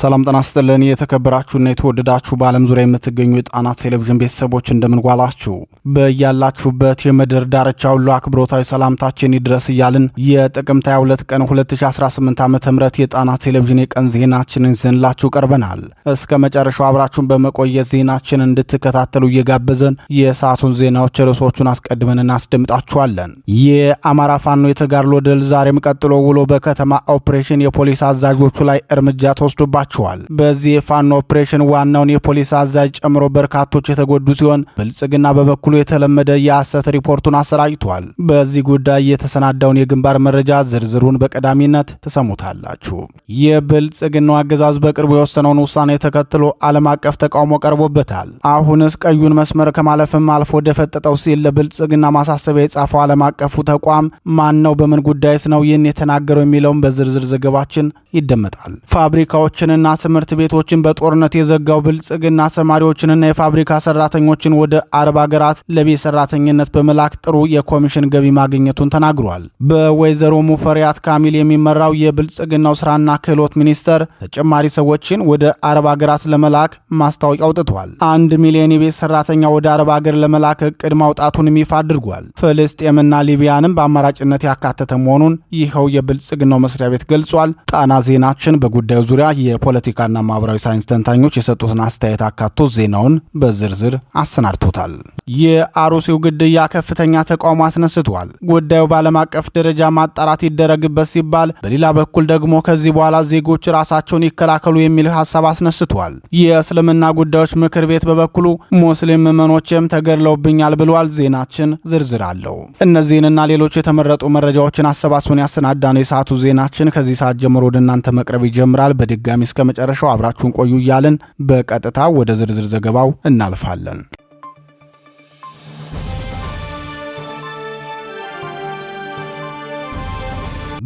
ሰላም ጤና ይስጥልን። የተከበራችሁና የተወደዳችሁ በዓለም ዙሪያ የምትገኙ የጣና ቴሌቪዥን ቤተሰቦች እንደምንጓላችሁ፣ በያላችሁበት የምድር ዳርቻ ሁሉ አክብሮታዊ ሰላምታችን ይድረስ እያልን የጥቅምት 22 ቀን 2018 ዓ ም የጣና ቴሌቪዥን የቀን ዜናችንን ይዘንላችሁ ቀርበናል። እስከ መጨረሻው አብራችሁን በመቆየት ዜናችን እንድትከታተሉ እየጋበዘን የሰዓቱን ዜናዎች ርዕሶቹን አስቀድመን እናስደምጣችኋለን። የአማራ ፋኖ የተጋድሎ ድል ዛሬም ቀጥሎ ውሎ በከተማ ኦፕሬሽን የፖሊስ አዛዦቹ ላይ እርምጃ ተወስዶባቸው አድርጓቸዋል። በዚህ የፋኖ ኦፕሬሽን ዋናውን የፖሊስ አዛዥ ጨምሮ በርካቶች የተጎዱ ሲሆን ብልጽግና በበኩሉ የተለመደ የሐሰት ሪፖርቱን አሰራጭቷል። በዚህ ጉዳይ የተሰናዳውን የግንባር መረጃ ዝርዝሩን በቀዳሚነት ትሰሙታላችሁ። የብልጽግናው አገዛዝ በቅርቡ የወሰነውን ውሳኔ ተከትሎ ዓለም አቀፍ ተቃውሞ ቀርቦበታል። አሁንስ ቀዩን መስመር ከማለፍም አልፎ ደፈጠጠው ሲል ለብልጽግና ማሳሰቢያ የጻፈው ዓለም አቀፉ ተቋም ማን ነው? በምን ጉዳይስ ነው ይህን የተናገረው? የሚለውም በዝርዝር ዘገባችን ይደመጣል። ፋብሪካዎችን ቤቶችንና ትምህርት ቤቶችን በጦርነት የዘጋው ብልጽግና ተማሪዎችንና የፋብሪካ ሰራተኞችን ወደ አረብ ሀገራት ለቤት ሰራተኝነት በመላክ ጥሩ የኮሚሽን ገቢ ማግኘቱን ተናግሯል። በወይዘሮ ሙፈሪያት ካሚል የሚመራው የብልጽግናው ስራና ክህሎት ሚኒስቴር ተጨማሪ ሰዎችን ወደ አረብ ሀገራት ለመላክ ማስታወቂያ አውጥቷል። አንድ ሚሊዮን የቤት ሰራተኛ ወደ አረብ ሀገር ለመላክ እቅድ ማውጣቱን ይፋ አድርጓል። ፍልስጤምና ሊቢያንም በአማራጭነት ያካተተ መሆኑን ይኸው የብልጽግናው መስሪያ ቤት ገልጿል። ጣና ዜናችን በጉዳዩ ዙሪያ የፖለቲካና ማህበራዊ ሳይንስ ተንታኞች የሰጡትን አስተያየት አካቶ ዜናውን በዝርዝር አሰናድቶታል። የአሩሲው ግድያ ከፍተኛ ተቃውሞ አስነስቷል። ጉዳዩ በዓለም አቀፍ ደረጃ ማጣራት ይደረግበት ሲባል፣ በሌላ በኩል ደግሞ ከዚህ በኋላ ዜጎች ራሳቸውን ይከላከሉ የሚል ሀሳብ አስነስቷል። የእስልምና ጉዳዮች ምክር ቤት በበኩሉ ሙስሊም ምዕመኖችም ተገድለውብኛል ብሏል። ዜናችን ዝርዝር አለው። እነዚህንና ሌሎች የተመረጡ መረጃዎችን አሰባስበን ያሰናዳነው የሰዓቱ ዜናችን ከዚህ ሰዓት ጀምሮ ወደ እናንተ መቅረብ ይጀምራል። በድጋሚ እስከ እስከ መጨረሻው አብራችሁን ቆዩ እያልን በቀጥታ ወደ ዝርዝር ዘገባው እናልፋለን።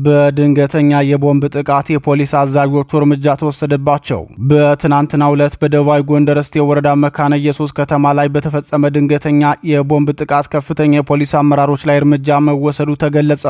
በድንገተኛ የቦምብ ጥቃት የፖሊስ አዛዦቹ እርምጃ ተወሰደባቸው። በትናንትናው ዕለት በደቡባዊ ጎንደር እስቴ ወረዳ መካነ ኢየሱስ ከተማ ላይ በተፈጸመ ድንገተኛ የቦምብ ጥቃት ከፍተኛ የፖሊስ አመራሮች ላይ እርምጃ መወሰዱ ተገለጸ።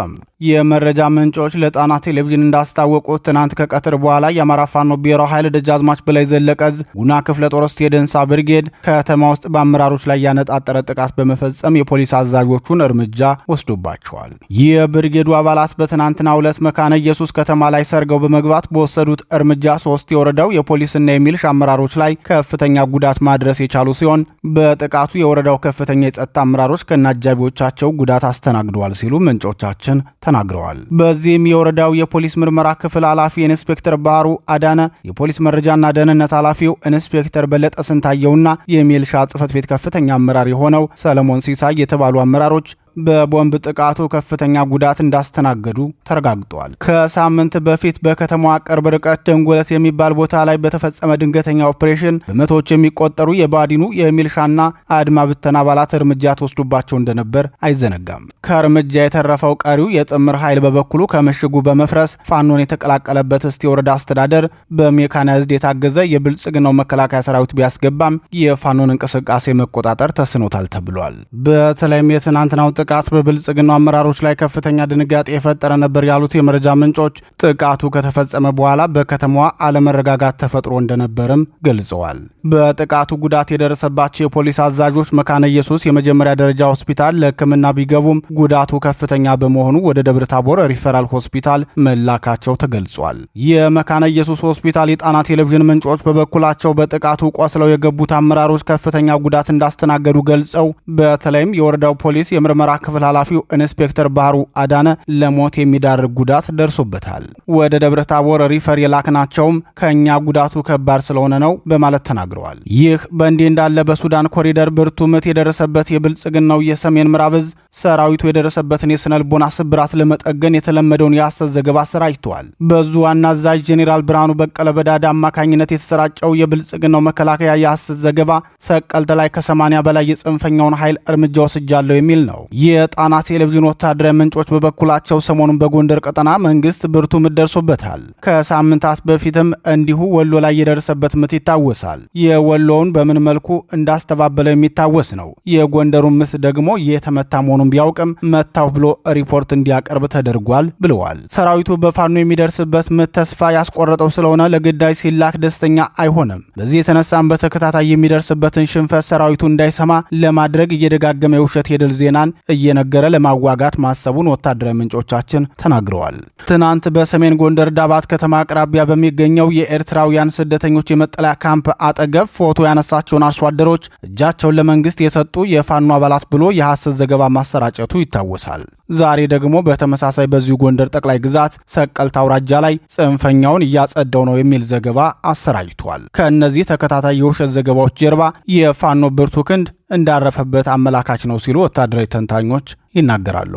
የመረጃ ምንጮች ለጣና ቴሌቪዥን እንዳስታወቁት ትናንት ከቀትር በኋላ የአማራ ፋኖ ብሔራዊ ኃይል ደጃዝማች በላይ ዘለቀዝ ጉና ክፍለ ጦር ውስጥ የደንሳ ብርጌድ ከተማ ውስጥ በአመራሮች ላይ ያነጣጠረ ጥቃት በመፈጸም የፖሊስ አዛዦቹን እርምጃ ወስዶባቸዋል። የብርጌዱ አባላት በትናንትና ሁለት መካነ ኢየሱስ ከተማ ላይ ሰርገው በመግባት በወሰዱት እርምጃ ሶስት የወረዳው የፖሊስና የሚልሽ አመራሮች ላይ ከፍተኛ ጉዳት ማድረስ የቻሉ ሲሆን በጥቃቱ የወረዳው ከፍተኛ የጸጥታ አመራሮች ከነ አጃቢዎቻቸው ጉዳት አስተናግደዋል ሲሉ ምንጮቻችን ተናግረዋል። ተናግረዋል። በዚህም የወረዳው የፖሊስ ምርመራ ክፍል ኃላፊ ኢንስፔክተር ባህሩ አዳነ፣ የፖሊስ መረጃና ደህንነት ኃላፊው ኢንስፔክተር በለጠ ስንታየውና የሚልሻ ጽህፈት ቤት ከፍተኛ አመራር የሆነው ሰለሞን ሲሳይ የተባሉ አመራሮች በቦምብ ጥቃቱ ከፍተኛ ጉዳት እንዳስተናገዱ ተረጋግጧል። ከሳምንት በፊት በከተማዋ ቅርብ ርቀት ደንጎለት የሚባል ቦታ ላይ በተፈጸመ ድንገተኛ ኦፕሬሽን በመቶዎች የሚቆጠሩ የባዲኑ የሚልሻና አድማ ብተና አባላት እርምጃ ተወስዶባቸው እንደነበር አይዘነጋም። ከእርምጃ የተረፈው ቀሪው የጥምር ኃይል በበኩሉ ከምሽጉ በመፍረስ ፋኖን የተቀላቀለበት እስቴ ወረዳ አስተዳደር በሜካናይዝድ የታገዘ የብልጽግናው መከላከያ ሰራዊት ቢያስገባም የፋኖን እንቅስቃሴ መቆጣጠር ተስኖታል ተብሏል። በተለይም የትናንትናው ጥቃት በብልጽግና አመራሮች ላይ ከፍተኛ ድንጋጤ የፈጠረ ነበር ያሉት የመረጃ ምንጮች ጥቃቱ ከተፈጸመ በኋላ በከተማዋ አለመረጋጋት ተፈጥሮ እንደነበርም ገልጸዋል። በጥቃቱ ጉዳት የደረሰባቸው የፖሊስ አዛዦች መካነ ኢየሱስ የመጀመሪያ ደረጃ ሆስፒታል ለሕክምና ቢገቡም ጉዳቱ ከፍተኛ በመሆኑ ወደ ደብረ ታቦር ሪፈራል ሆስፒታል መላካቸው ተገልጿል። የመካነ ኢየሱስ ሆስፒታል የጣና ቴሌቪዥን ምንጮች በበኩላቸው በጥቃቱ ቆስለው የገቡት አመራሮች ከፍተኛ ጉዳት እንዳስተናገዱ ገልጸው በተለይም የወረዳው ፖሊስ የምርመራ ክፍል ኃላፊው ኢንስፔክተር ባህሩ አዳነ ለሞት የሚዳርግ ጉዳት ደርሶበታል። ወደ ደብረ ታቦር ሪፈር የላክናቸውም ከእኛ ጉዳቱ ከባድ ስለሆነ ነው በማለት ተናግረዋል። ይህ በእንዲህ እንዳለ በሱዳን ኮሪደር ብርቱ ምት የደረሰበት የብልጽግናው የሰሜን ምዕራብ እዝ ሰራዊቱ የደረሰበትን የስነ ልቦና ስብራት ለመጠገን የተለመደውን የሐሰት ዘገባ አሰራጭተዋል። በዙ ዋና አዛዥ ጄኔራል ብርሃኑ በቀለ በዳዳ አማካኝነት የተሰራጨው የብልጽግናው መከላከያ የሐሰት ዘገባ ሰቀልተ ላይ ከ80 በላይ የጽንፈኛውን ኃይል እርምጃ ወስጃለሁ የሚል ነው። የጣና ቴሌቪዥን ወታደራዊ ምንጮች በበኩላቸው ሰሞኑን በጎንደር ቀጠና መንግስት ብርቱ ምት ደርሶበታል። ከሳምንታት በፊትም እንዲሁ ወሎ ላይ የደረሰበት ምት ይታወሳል። የወሎውን በምን መልኩ እንዳስተባበለው የሚታወስ ነው። የጎንደሩን ምት ደግሞ የተመታ መሆኑን ቢያውቅም መታው ብሎ ሪፖርት እንዲያቀርብ ተደርጓል ብለዋል። ሰራዊቱ በፋኖ የሚደርስበት ምት ተስፋ ያስቆረጠው ስለሆነ ለግዳጅ ሲላክ ደስተኛ አይሆንም። በዚህ የተነሳም በተከታታይ የሚደርስበትን ሽንፈት ሰራዊቱ እንዳይሰማ ለማድረግ እየደጋገመ የውሸት የድል ዜናን እየነገረ ለማዋጋት ማሰቡን ወታደራዊ ምንጮቻችን ተናግረዋል። ትናንት በሰሜን ጎንደር ዳባት ከተማ አቅራቢያ በሚገኘው የኤርትራውያን ስደተኞች የመጠለያ ካምፕ አጠገብ ፎቶ ያነሳቸውን አርሶ አደሮች እጃቸውን ለመንግስት የሰጡ የፋኖ አባላት ብሎ የሐሰት ዘገባ ማሰራጨቱ ይታወሳል። ዛሬ ደግሞ በተመሳሳይ በዚሁ ጎንደር ጠቅላይ ግዛት ሰቀልት አውራጃ ላይ ጽንፈኛውን እያጸደው ነው የሚል ዘገባ አሰራጅቷል። ከእነዚህ ተከታታይ የውሸት ዘገባዎች ጀርባ የፋኖ ብርቱ ክንድ እንዳረፈበት አመላካች ነው ሲሉ ወታደራዊ ተንታ ተንታኞች ይናገራሉ።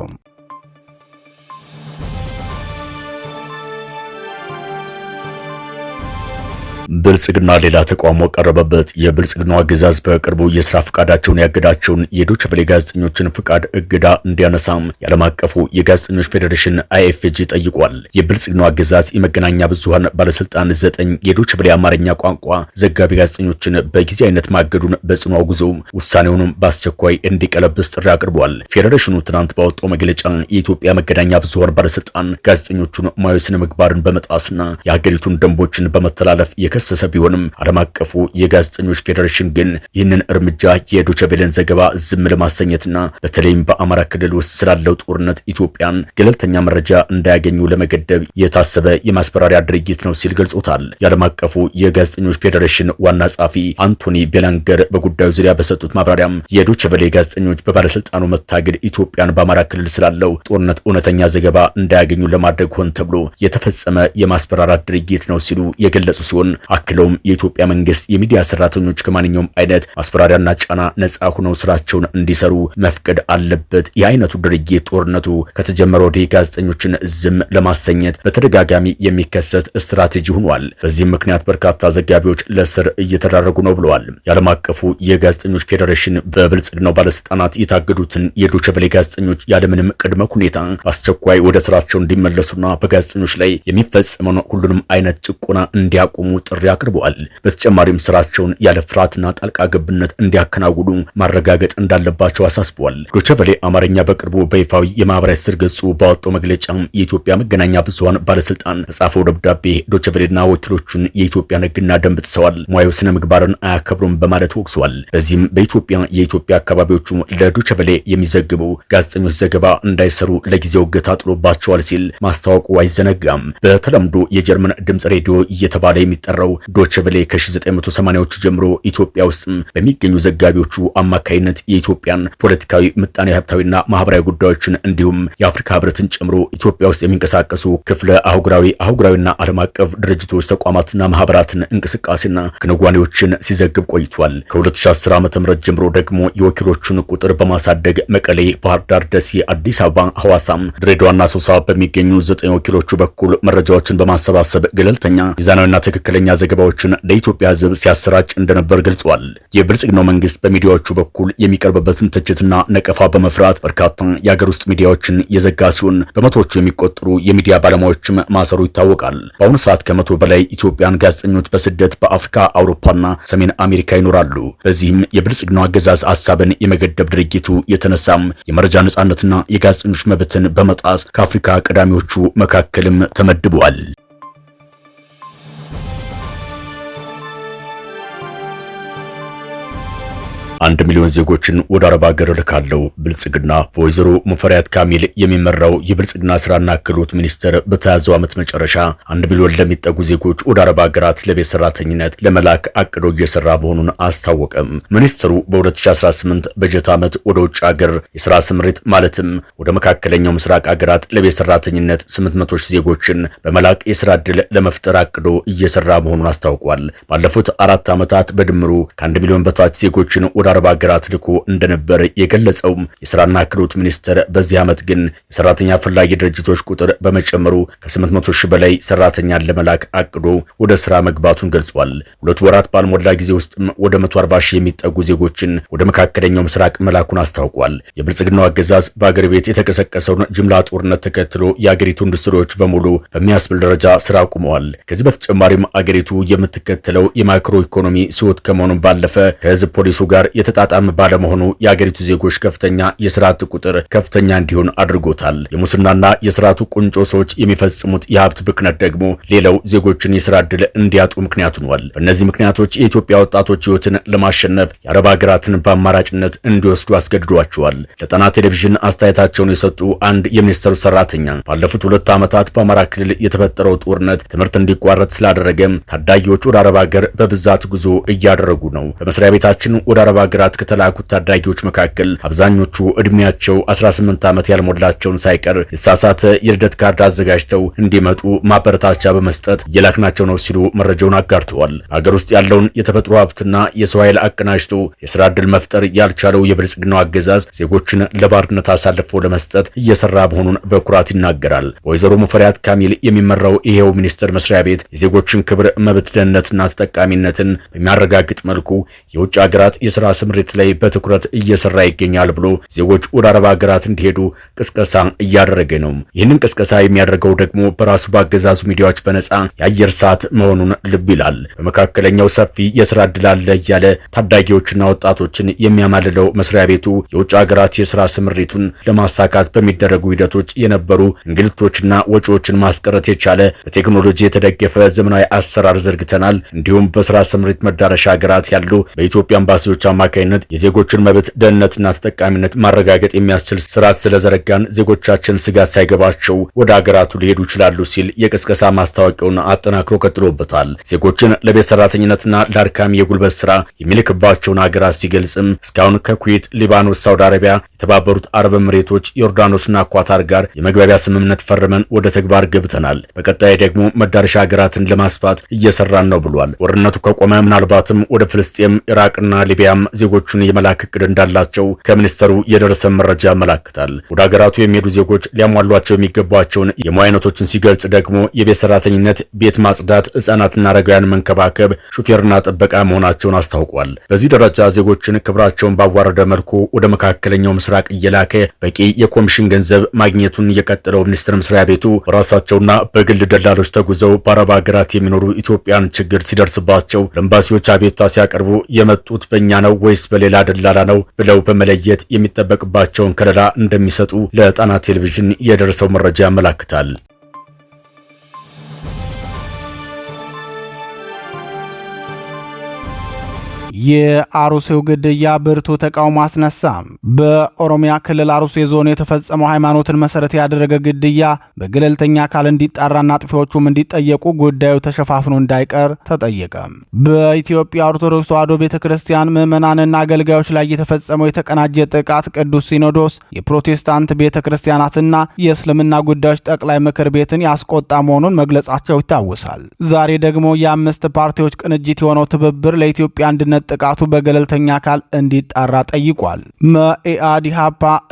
ብልጽግና ሌላ ተቋሞ ቀረበበት። የብልጽግናው አገዛዝ በቅርቡ የስራ ፈቃዳቸውን ያገዳቸውን የዶችቬሌ ጋዜጠኞችን ፍቃድ እገዳ እንዲያነሳም የዓለም አቀፉ የጋዜጠኞች ፌዴሬሽን አይኤፍጂ ጠይቋል። የብልጽግናው አገዛዝ የመገናኛ ብዙኃን ባለስልጣን ዘጠኝ የዶችቬሌ አማርኛ ቋንቋ ዘጋቢ ጋዜጠኞችን አይነት ማገዱን በጽኑ አውግዞ ውሳኔውንም በአስቸኳይ እንዲቀለብስ ጥሪ አቅርቧል። ፌዴሬሽኑ ትናንት ባወጣው መግለጫ የኢትዮጵያ መገናኛ ብዙሃን ባለስልጣን ጋዜጠኞቹን ሙያዊ ስነ ምግባርን በመጣስና የሀገሪቱን ደንቦችን በመተላለፍ የከ የከሰሰ ቢሆንም ዓለም አቀፉ የጋዜጠኞች ፌዴሬሽን ግን ይህንን እርምጃ የዶቸቤለን ዘገባ ዝም ለማሰኘትና በተለይም በአማራ ክልል ውስጥ ስላለው ጦርነት ኢትዮጵያን ገለልተኛ መረጃ እንዳያገኙ ለመገደብ የታሰበ የማስፈራሪያ ድርጊት ነው ሲል ገልጾታል። የዓለም አቀፉ የጋዜጠኞች ፌዴሬሽን ዋና ጸሐፊ አንቶኒ ቤላንገር በጉዳዩ ዙሪያ በሰጡት ማብራሪያም የዶቸቤሌ ጋዜጠኞች በባለስልጣኑ መታገድ ኢትዮጵያን በአማራ ክልል ስላለው ጦርነት እውነተኛ ዘገባ እንዳያገኙ ለማድረግ ሆን ተብሎ የተፈጸመ የማስፈራራት ድርጊት ነው ሲሉ የገለጹ ሲሆን አክለውም የኢትዮጵያ መንግስት የሚዲያ ሰራተኞች ከማንኛውም አይነት ማስፈራሪያና ጫና ነጻ ሆነው ስራቸውን እንዲሰሩ መፍቀድ አለበት። የአይነቱ ድርጊት ጦርነቱ ከተጀመረ ወዲህ ጋዜጠኞችን ዝም ለማሰኘት በተደጋጋሚ የሚከሰት ስትራቴጂ ሆኗል። በዚህም ምክንያት በርካታ ዘጋቢዎች ለእስር እየተዳረጉ ነው ብለዋል። የዓለም አቀፉ የጋዜጠኞች ፌዴሬሽን በብልጽግናው ባለስልጣናት የታገዱትን የዶቸቨሌ ጋዜጠኞች ያለምንም ቅድመ ሁኔታ በአስቸኳይ ወደ ስራቸው እንዲመለሱና በጋዜጠኞች ላይ የሚፈጸመውን ሁሉንም አይነት ጭቆና እንዲያቆሙ ጥ ጥሪ አቅርበዋል። በተጨማሪም ስራቸውን ያለ ፍርሃትና ጣልቃ ገብነት እንዲያከናውኑ ማረጋገጥ እንዳለባቸው አሳስበዋል። ዶቸቨሌ አማርኛ በቅርቡ በይፋዊ የማህበራዊ ስር ገጹ ባወጣው መግለጫ የኢትዮጵያ መገናኛ ብዙሃን ባለስልጣን ተጻፈው ደብዳቤ ዶቸቨሌና ወኪሎቹን የኢትዮጵያን ሕግና ደንብ ጥሰዋል፣ ሙያዊ ስነ ምግባርን አያከብሩም በማለት ወቅሰዋል። በዚህም በኢትዮጵያ የኢትዮጵያ አካባቢዎቹ ለዶቸቨሌ የሚዘግቡ ጋዜጠኞች ዘገባ እንዳይሰሩ ለጊዜው እገታ ጥሎባቸዋል ሲል ማስታወቁ አይዘነጋም። በተለምዶ የጀርመን ድምፅ ሬዲዮ እየተባለ የሚጠራው የነበረው ዶቼ ቬለ ከ1980ዎቹ ጀምሮ ኢትዮጵያ ውስጥም በሚገኙ ዘጋቢዎቹ አማካይነት የኢትዮጵያን ፖለቲካዊ፣ ምጣኔ ሀብታዊና ማህበራዊ ጉዳዮችን እንዲሁም የአፍሪካ ህብረትን ጨምሮ ኢትዮጵያ ውስጥ የሚንቀሳቀሱ ክፍለ አህጉራዊ፣ አህጉራዊና ዓለም አቀፍ ድርጅቶች ተቋማትና ማህበራትን እንቅስቃሴና ክንዋኔዎችን ሲዘግብ ቆይቷል። ከ2010 ዓ.ም ጀምሮ ደግሞ የወኪሎቹን ቁጥር በማሳደግ መቀሌ፣ ባህር ዳር፣ ደሴ፣ አዲስ አበባ፣ ሐዋሳም፣ ድሬዳዋና ሶሳ በሚገኙ ዘጠኝ ወኪሎቹ በኩል መረጃዎችን በማሰባሰብ ገለልተኛ ሚዛናዊና ትክክለኛ ሐሰተኛ ዘገባዎችን ለኢትዮጵያ ሕዝብ ሲያሰራጭ እንደነበር ገልጿል። የብልጽግናው መንግስት በሚዲያዎቹ በኩል የሚቀርብበትን ትችትና ነቀፋ በመፍራት በርካታ የአገር ውስጥ ሚዲያዎችን የዘጋ ሲሆን በመቶዎቹ የሚቆጠሩ የሚዲያ ባለሙያዎችም ማሰሩ ይታወቃል። በአሁኑ ሰዓት ከመቶ በላይ ኢትዮጵያን ጋዜጠኞች በስደት በአፍሪካ አውሮፓና ሰሜን አሜሪካ ይኖራሉ። በዚህም የብልጽግናው አገዛዝ ሀሳብን የመገደብ ድርጊቱ የተነሳም የመረጃ ነጻነትና የጋዜጠኞች መብትን በመጣስ ከአፍሪካ ቀዳሚዎቹ መካከልም ተመድበዋል። አንድ ሚሊዮን ዜጎችን ወደ አረብ ሀገር እልካለሁ። ብልጽግና በወይዘሮ ሙፈሪያት ካሚል የሚመራው የብልጽግና ስራና ክህሎት ሚኒስቴር በተያዘው ዓመት መጨረሻ አንድ ሚሊዮን ለሚጠጉ ዜጎች ወደ አረብ ሀገራት ለቤት ሰራተኝነት ለመላክ አቅዶ እየሰራ መሆኑን አስታወቀም። ሚኒስትሩ በ2018 በጀት ዓመት ወደ ውጭ ሀገር የስራ ስምሪት ማለትም ወደ መካከለኛው ምስራቅ ሀገራት ለቤት ሰራተኝነት 800 ዜጎችን በመላክ የስራ ዕድል ለመፍጠር አቅዶ እየሰራ መሆኑን አስታውቋል። ባለፉት አራት ዓመታት በድምሩ ከአንድ ሚሊዮን በታች ዜጎችን ወደ ወደ አረብ ሀገራት ልኮ እንደነበር የገለጸው የስራና ክህሎት ሚኒስቴር በዚህ ዓመት ግን የሰራተኛ ፈላጊ ድርጅቶች ቁጥር በመጨመሩ ከ800 ሺህ በላይ ሰራተኛን ለመላክ አቅዶ ወደ ስራ መግባቱን ገልጿል። ሁለት ወራት ባልሞላ ጊዜ ውስጥም ወደ 140 ሺህ የሚጠጉ ዜጎችን ወደ መካከለኛው ምስራቅ መላኩን አስታውቋል። የብልጽግናው አገዛዝ በአገር ቤት የተቀሰቀሰውን ጅምላ ጦርነት ተከትሎ የአገሪቱ ኢንዱስትሪዎች በሙሉ በሚያስብል ደረጃ ስራ አቁመዋል። ከዚህ በተጨማሪም አገሪቱ የምትከተለው የማክሮ ኢኮኖሚ ስወት ከመሆኑም ባለፈ ከህዝብ ፖሊሱ ጋር የተጣጣመ ባለመሆኑ የአገሪቱ ዜጎች ከፍተኛ የስርዓት ቁጥር ከፍተኛ እንዲሆን አድርጎታል። የሙስናና የስርዓቱ ቁንጮ ሰዎች የሚፈጽሙት የሀብት ብክነት ደግሞ ሌላው ዜጎችን የስራ ድል እንዲያጡ ምክንያት ሆኗል። በእነዚህ ምክንያቶች የኢትዮጵያ ወጣቶች ህይወትን ለማሸነፍ የአረብ ሀገራትን በአማራጭነት እንዲወስዱ አስገድዷቸዋል። ለጣና ቴሌቪዥን አስተያየታቸውን የሰጡ አንድ የሚኒስተሩ ሰራተኛ ባለፉት ሁለት ዓመታት በአማራ ክልል የተፈጠረው ጦርነት ትምህርት እንዲቋረጥ ስላደረገም ታዳጊዎች ወደ አረብ ሀገር በብዛት ጉዞ እያደረጉ ነው። በመስሪያ ቤታችን ወደ አረብ ሀገራት ከተላኩት ታዳጊዎች መካከል አብዛኞቹ እድሜያቸው 18 ዓመት ያልሞላቸውን ሳይቀር የተሳሳተ የልደት ካርድ አዘጋጅተው እንዲመጡ ማበረታቻ በመስጠት እየላክናቸው ነው ሲሉ መረጃውን አጋርተዋል። ሀገር ውስጥ ያለውን የተፈጥሮ ሀብትና የሰው ኃይል አቀናጅቶ የስራ ዕድል መፍጠር ያልቻለው የብልጽግናው አገዛዝ ዜጎችን ለባርነት አሳልፎ ለመስጠት እየሰራ መሆኑን በኩራት ይናገራል። ወይዘሮ ሙፈሪያት ካሚል የሚመራው ይሄው ሚኒስቴር መስሪያ ቤት የዜጎችን ክብር፣ መብት፣ ደህንነትና ተጠቃሚነትን በሚያረጋግጥ መልኩ የውጭ ሀገራት የስራ ስምሪት ላይ በትኩረት እየሰራ ይገኛል ብሎ ዜጎች ወደ አረብ ሀገራት እንዲሄዱ ቅስቀሳ እያደረገ ነው። ይህንን ቅስቀሳ የሚያደርገው ደግሞ በራሱ በአገዛዙ ሚዲያዎች በነፃ የአየር ሰዓት መሆኑን ልብ ይላል። በመካከለኛው ሰፊ የስራ እድል አለ እያለ ታዳጊዎችና ወጣቶችን የሚያማልለው መስሪያ ቤቱ የውጭ ሀገራት የስራ ስምሪቱን ለማሳካት በሚደረጉ ሂደቶች የነበሩ እንግልቶችና ወጪዎችን ማስቀረት የቻለ በቴክኖሎጂ የተደገፈ ዘመናዊ አሰራር ዘርግተናል፣ እንዲሁም በስራ ስምሪት መዳረሻ ሀገራት ያሉ በኢትዮጵያ አምባሲዎች አማ አማካይነት የዜጎችን መብት ደህንነትና ተጠቃሚነት ማረጋገጥ የሚያስችል ስርዓት ስለዘረጋን ዜጎቻችን ስጋት ሳይገባቸው ወደ አገራቱ ሊሄዱ ይችላሉ ሲል የቅስቀሳ ማስታወቂያውን አጠናክሮ ቀጥሎበታል። ዜጎችን ለቤት ሰራተኝነትና ለአድካሚ የጉልበት ስራ የሚልክባቸውን አገራት ሲገልጽም እስካሁን ከኩዌት፣ ሊባኖስ፣ ሳውዲ አረቢያ፣ የተባበሩት አረብ ኤሚሬቶች፣ ዮርዳኖስና ኳታር ጋር የመግባቢያ ስምምነት ፈርመን ወደ ተግባር ገብተናል። በቀጣይ ደግሞ መዳረሻ ሀገራትን ለማስፋት እየሰራን ነው ብሏል። ጦርነቱ ከቆመ ምናልባትም ወደ ፍልስጤም፣ ኢራቅና ሊቢያም ዜጎቹን የመላክ እቅድ እንዳላቸው ከሚኒስተሩ የደረሰ መረጃ ያመላክታል። ወደ ሀገራቱ የሚሄዱ ዜጎች ሊያሟሏቸው የሚገባቸውን የሙያ አይነቶችን ሲገልጽ ደግሞ የቤት ሰራተኝነት፣ ቤት ማጽዳት፣ ህጻናትና አረጋውያን መንከባከብ፣ ሹፌርና ጥበቃ መሆናቸውን አስታውቋል። በዚህ ደረጃ ዜጎችን ክብራቸውን ባዋረደ መልኩ ወደ መካከለኛው ምስራቅ እየላከ በቂ የኮሚሽን ገንዘብ ማግኘቱን የቀጠለው ሚኒስትር መስሪያ ቤቱ በራሳቸውና በግል ደላሎች ተጉዘው በአረብ ሀገራት የሚኖሩ ኢትዮጵያን ችግር ሲደርስባቸው ለኤምባሲዎች አቤቱታ ሲያቀርቡ የመጡት በእኛ ነው ወይስ በሌላ ደላላ ነው ብለው በመለየት የሚጠበቅባቸውን ከለላ እንደሚሰጡ ለጣና ቴሌቪዥን የደረሰው መረጃ ያመላክታል። የአሩሴው ግድያ ብርቱ ተቃውሞ አስነሳ። በኦሮሚያ ክልል አሩሴ ዞን የተፈጸመው ሃይማኖትን መሰረት ያደረገ ግድያ በገለልተኛ አካል እንዲጣራና አጥፊዎቹም እንዲጠየቁ ጉዳዩ ተሸፋፍኖ እንዳይቀር ተጠየቀ። በኢትዮጵያ ኦርቶዶክስ ተዋሕዶ ቤተ ክርስቲያን ምዕመናንና አገልጋዮች ላይ የተፈጸመው የተቀናጀ ጥቃት ቅዱስ ሲኖዶስ የፕሮቴስታንት ቤተ ክርስቲያናትና የእስልምና ጉዳዮች ጠቅላይ ምክር ቤትን ያስቆጣ መሆኑን መግለጻቸው ይታወሳል። ዛሬ ደግሞ የአምስት ፓርቲዎች ቅንጅት የሆነው ትብብር ለኢትዮጵያ አንድነት ጥቃቱ በገለልተኛ አካል እንዲጣራ ጠይቋል። መኢአድ፣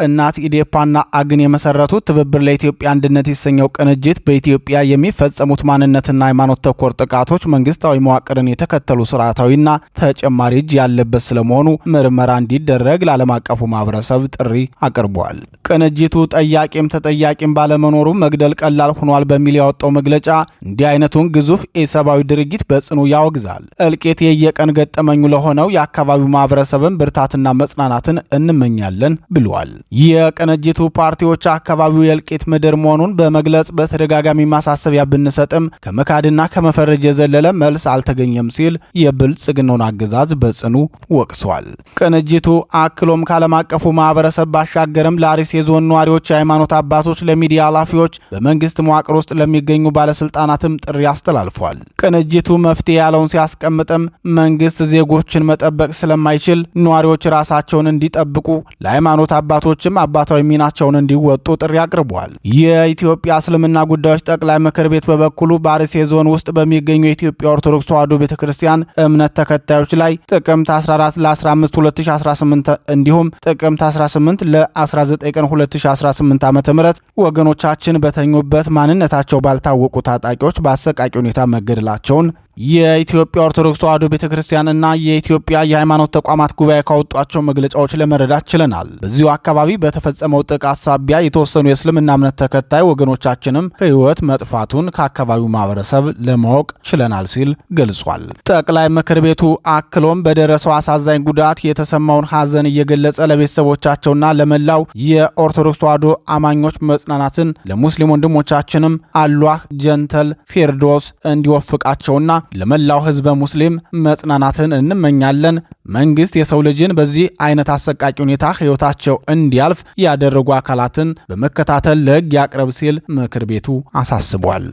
እናት፣ ኢዴፓና አግን የመሰረቱት ትብብር ለኢትዮጵያ አንድነት የተሰኘው ቅንጅት በኢትዮጵያ የሚፈጸሙት ማንነትና ሃይማኖት ተኮር ጥቃቶች መንግስታዊ መዋቅርን የተከተሉ ስርዓታዊና ተጨማሪ እጅ ያለበት ስለመሆኑ ምርመራ እንዲደረግ ለዓለም አቀፉ ማህበረሰብ ጥሪ አቅርቧል። ቅንጅቱ ጠያቂም ተጠያቂም ባለመኖሩ መግደል ቀላል ሆኗል በሚል ያወጣው መግለጫ እንዲህ አይነቱን ግዙፍ ኢሰብአዊ ድርጊት በጽኑ ያወግዛል። እልቂት የየቀን ገጠመኙ ለሆ ሆነው የአካባቢው ማህበረሰብን ብርታትና መጽናናትን እንመኛለን ብለዋል። የቅንጅቱ ፓርቲዎች አካባቢው የእልቂት ምድር መሆኑን በመግለጽ በተደጋጋሚ ማሳሰቢያ ብንሰጥም ከመካድና ከመፈረጅ የዘለለ መልስ አልተገኘም ሲል የብልጽግናውን አገዛዝ በጽኑ ወቅሷል። ቅንጅቱ አክሎም ከዓለም አቀፉ ማህበረሰብ ባሻገርም ለአርሲ የዞን ነዋሪዎች፣ የሃይማኖት አባቶች፣ ለሚዲያ ኃላፊዎች፣ በመንግስት መዋቅር ውስጥ ለሚገኙ ባለስልጣናትም ጥሪ አስተላልፏል። ቅንጅቱ መፍትሄ ያለውን ሲያስቀምጥም መንግስት ዜጎች ነገሮችን መጠበቅ ስለማይችል ነዋሪዎች ራሳቸውን እንዲጠብቁ ለሃይማኖት አባቶችም አባታዊ ሚናቸውን እንዲወጡ ጥሪ አቅርቧል። የኢትዮጵያ እስልምና ጉዳዮች ጠቅላይ ምክር ቤት በበኩሉ በአርሴ ዞን ውስጥ በሚገኙ የኢትዮጵያ ኦርቶዶክስ ተዋሕዶ ቤተ ክርስቲያን እምነት ተከታዮች ላይ ጥቅምት 14 ለ15 2018 እንዲሁም ጥቅምት 18 ለ19 ቀን 2018 ዓ ም ወገኖቻችን በተኙበት ማንነታቸው ባልታወቁ ታጣቂዎች በአሰቃቂ ሁኔታ መገደላቸውን የኢትዮጵያ ኦርቶዶክስ ተዋሕዶ ቤተ ክርስቲያንና የኢትዮጵያ የሃይማኖት ተቋማት ጉባኤ ካወጧቸው መግለጫዎች ለመረዳት ችለናል። በዚሁ አካባቢ በተፈጸመው ጥቃት ሳቢያ የተወሰኑ የእስልምና እምነት ተከታይ ወገኖቻችንም ሕይወት መጥፋቱን ከአካባቢው ማህበረሰብ ለማወቅ ችለናል ሲል ገልጿል። ጠቅላይ ምክር ቤቱ አክሎም በደረሰው አሳዛኝ ጉዳት የተሰማውን ሐዘን እየገለጸ ለቤተሰቦቻቸውና ለመላው የኦርቶዶክስ ተዋሕዶ አማኞች መጽናናትን ለሙስሊም ወንድሞቻችንም አሏህ ጀንተል ፌርዶስ እንዲወፍቃቸውና ለመላው ህዝበ ሙስሊም መጽናናትን እንመኛለን። መንግስት የሰው ልጅን በዚህ አይነት አሰቃቂ ሁኔታ ህይወታቸው እንዲያልፍ ያደረጉ አካላትን በመከታተል ለህግ ያቅረብ ሲል ምክር ቤቱ አሳስቧል።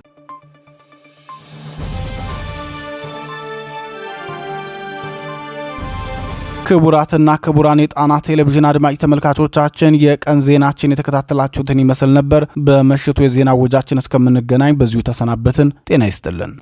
ክቡራትና ክቡራን የጣና ቴሌቪዥን አድማጭ ተመልካቾቻችን የቀን ዜናችን የተከታተላችሁትን ይመስል ነበር። በምሽቱ የዜና ወጃችን እስከምንገናኝ በዚሁ ተሰናበትን። ጤና ይስጥልን።